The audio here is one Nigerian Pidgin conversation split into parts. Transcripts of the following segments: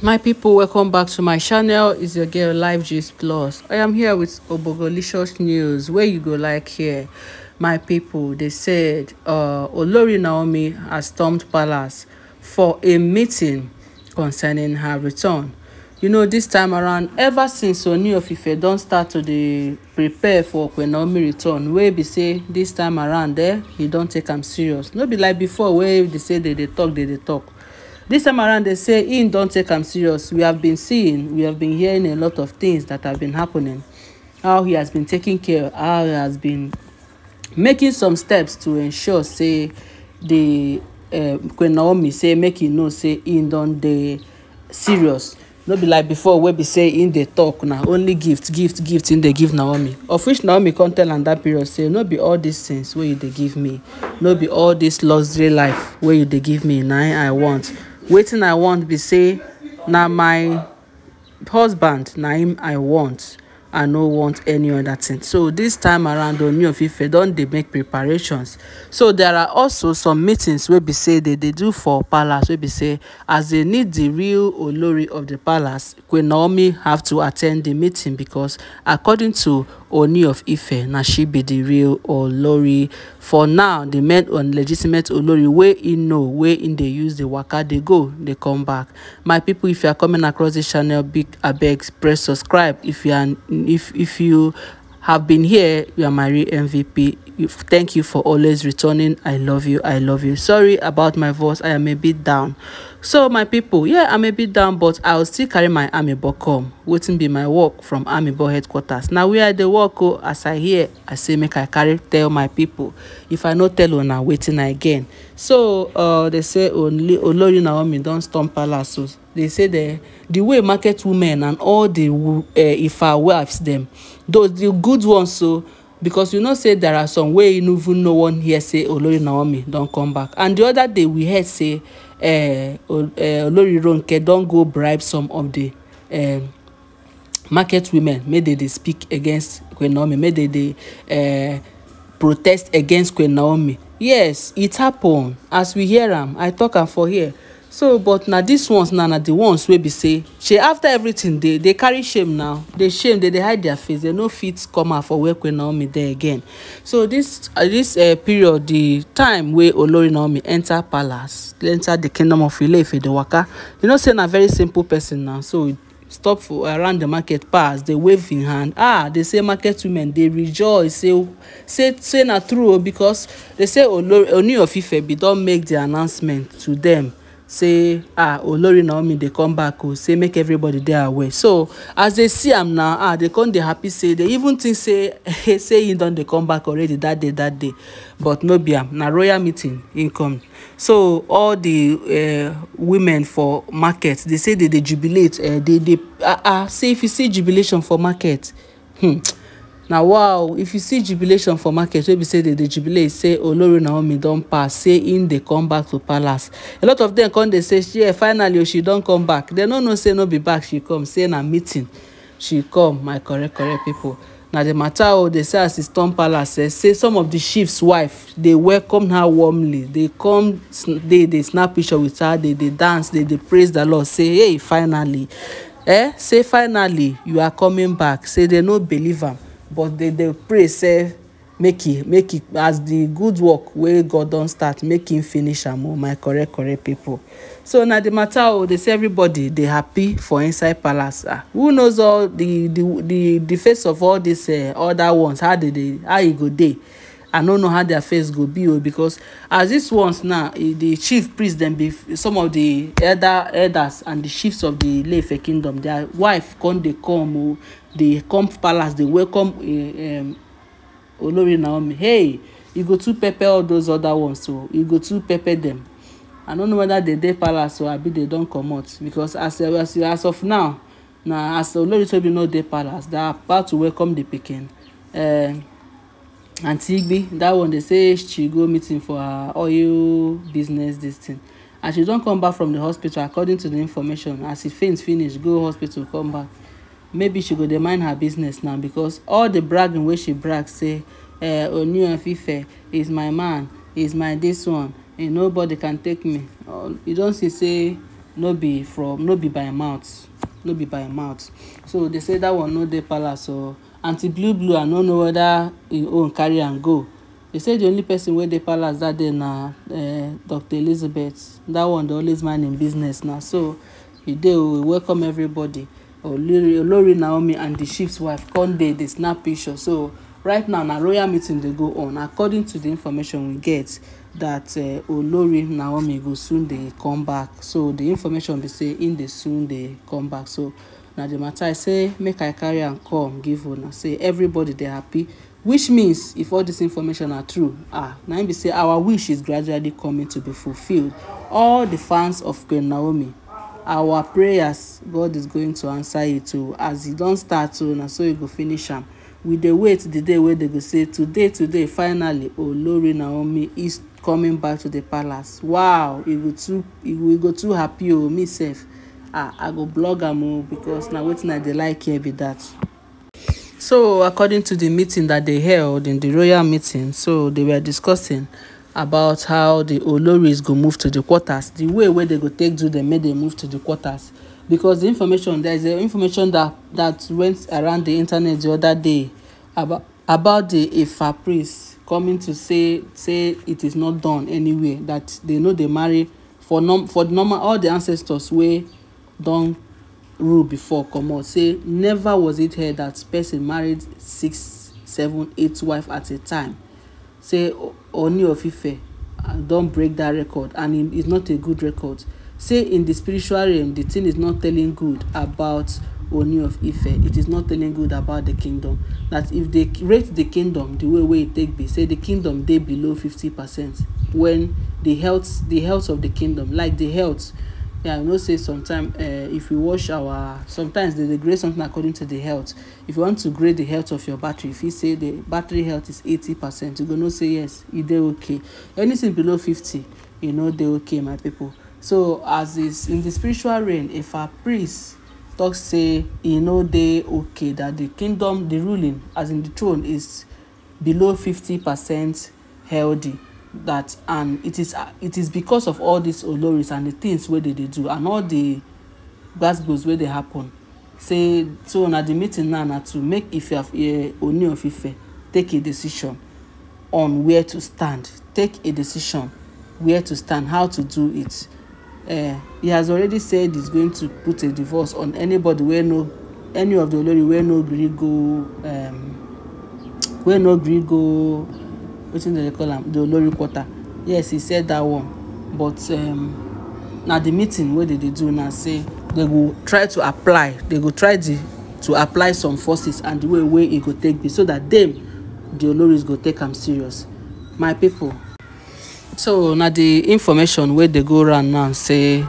my people welcome back to my channel Is your girl live gist plus i am here with obogolicious news where you go like here my people they said uh olori naomi has stormed palace for a meeting concerning her return you know this time around ever since oni of ife don start to the prepare for queen naomi return wey be say this time around eh he don't take him serious no be like before where they say they they talk they they talk this time around they say im don take am serious we have been seeing we have been hearing a lot of things that have been happening how he has been taking care how he has been making some steps to ensure say the uh, queen naomi say make e know say im don dey serious no be like before wey be say im dey talk na only gift gift gift im dey give naomi of which naomi come tell am that period say no be all these things wey you dey give me no be all this luxury life wey you dey give me na i want wetin i want be say na my husband na him i want i no want any other thing so this time around ooni of ife don dey make preparations so there are also some meetings wey be say they dey do for palace wey be say as they need the real olori of the palace queen naomi have to at ten d the meeting because according to Oni of Ife na she be the real Olori. For now, the men on uh, legitimate Olori wey in know, wey in dey use the waka they go, they come back. My people, if you are coming across this channel, big abeg, press subscribe. If you are, if if you have been here, you are my real MVP thank you for always returning i love you i love you sorry about my voice i am a bit down so my people yeah i'm a bit down but i'll still carry my army amiibo come wetin be my work from army boy headquarters Now we are the work Oh, as i hear i say make i carry tell my people if i not tell una wetin waiting again. so uh, they say only olori naomi don storm palace o oh. they say the the way market women and all the uh, I wives them, those the good ones So, oh, because you know say there are some wey you no even know wan hear say olori naomi don come back and the other day we heard say eh, eh, olori ronke don go bribe some of di eh, market women make they dey speak against queen naomi make they dey protest against queen naomi yes it happen as we hear am i talk am for here so but na dis ones na na di ones wey be say shey afta everything dey dey carry shame now dey shame dey dey hide their face dem no fit come out for where queen naomi dey again so dis dis uh, uh, period di time wey olori naomi enta palace enta di kingdom of ileife dey waka you know say na very simple person now so stop for around the market pass dey wave him hand ah dey say market women dey rejoice say say say na true o oh, because dey say oni of ife bin don make di announcement to dem say ah olori oh, naomi dey come back o oh, say make everybody dey aware so as they see am now ah they come dey happy say they even think say say him don dey come back already that day that day but no be am na royal meeting him come so all di eh, women for market dey say they dey jubilate eh, They dey ah ah say if you see jubilation for market hmm na wow if you see jubilation for market wey be say dem dey jubilate say olori naomi don pass say im dey come back to palace a lot of dem come dey say yeah finally o oh, she don come back dem no know say no be back she come say na meeting she come my correct correct pipo na the matter o oh, dey say as e storm palace eh, say some of the chiefs wife dey welcome her warmly dey come dey dey snap picture with her dey dey dance dey dey praise the lord say hey finally eh say finally you are coming back say dem no believe am but they dey pray say make e make e as the good work wey god don start make him finish am o oh my correct correct people so na the matter o oh, dey say everybody dey happy for inside palace ah who knows all the the the the face of all these uh, other ones how they dey how e go dey i no know how their face go be o oh, because as this ones now eh, the chief priest dem be some of the elder elders and the chiefs of the ileife kingdom their wife come dey come o oh, dey come palace dey welcome uh, um, olori naomi hey you go too pepper all those other ones o oh, you go too pepper them. i no know whether they dey palace o abi they don comot because as as as of now na as olori tobi no dey palace they are about to welcome the pikin. Uh, aunty igbe that one dey say she go meeting for her oil business this thing and she don come back from the hospital according to the information as she faint finish go hospital come back maybe she go dey mind her business now because all the bragging wey she brag say uh, eh, onion fife is my man is my this one and eh, nobody can take me uh, you don see say no be from no be by mouth no be by mouth so they say that one no dey palace o. So, Until blue blue i no know whether im own carry am go they say the only person wey dey palace that day na uh, eh, dr elizabeth that one dey always mind im business na so e dey o oh, we welcome everybody olori olori naomi and the chiefs wife come dey dey snap picture so right now na royal meeting dey go on according to the information we get that uh, olori naomi go soon dey come back so the information be say im dey soon dey come back so na the matter i say make i carry am come give una say everybody dey happy which means if all this information are true ah na im be say our wish is gradually coming to be fulfilled all the fans of queen naomi our prayers god is going to answer it o oh. as e don start o oh, na so e go finish am we dey wait the day wey dey go say today today finally olori naomi is coming back to the palace wow e go too e go e too happy o oh, me sef ah i go blog am o oh, because na wetin i dey like here be that. so according to the meeting that they held in the royal meeting so they were discussing about how the oloris go move to the quarters the way wey they go take do dem make they move to the quarters because the information there is a information that that went around the internet the other day about about the ifa priest coming to say say it is not done anywhere that they no dey marry for norm for normal all the ancestors wey don rule before comot say never was it heard that person married six seven eight wife at a time say oni of ife uh, don break that record and e is not a good record say in the spiritual realm the thing is not telling good about Oni of Ife, it is not telling good about the kingdom. That if they rate the kingdom the way wey e take be, say the kingdom dey below fifty percent when the health the health of the kingdom like the health yeah you know say sometimes uh, eh, if we wash our sometimes they dey grade something according to the health if you want to grade the health of your battery you fit say the battery health is eighty percent you go know say yes e dey okay anything below fifty e no dey okay my people so as is in the spiritual realm if our priest talk say e no dey okay that the kingdom the ruling as in the throne is below fifty percent healthy that and it is uh, it is because of all these oloris and the things wey they dey do and all the gbasgbos wey dey happen say so na the meeting now na to make ife uh, oni of ife take a decision on where to stand take a decision where to stand how to do it uh, he has already said he's going to put a divorce on anybody wey no any of the olori wey no gree go um, wey no gree go wetin dem dey call am the olori quarter yes he said that one but um, na the meeting wey dem dey do na say dem go try to apply dem go try the, to apply some forces and the way wey e go take be so that dem the oloris go take am serious my people so na the information wey dey go round now say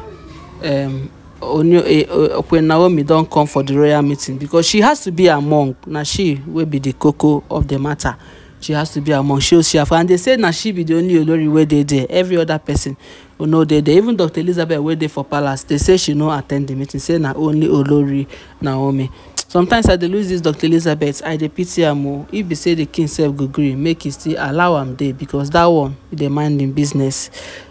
um, Onyo uh, eh, eh, Naomi don come for the royal meeting because she has to be among na she wey be the koko of the matter she has to be among those she have and they say na she be the only olori wey dey there every other person o no dey there even dr elizabeth wey dey for palace They say she no at ten d the meeting say na only olori naomi sometimes i dey lose this dr elizabeth i dey pity am o if be say the king sef go gree make he still allow am dey because that one dey mind him business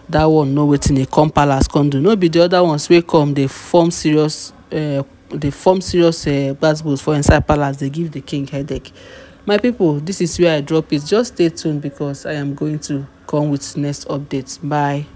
that one know wetin dey come palace come do no be the other ones wey come dey form serious uh, eh, dey form serious uh, gbasgbos for inside palace dey give the king headache my people this is where i drop it just stay tuned because i am going to come with next update bye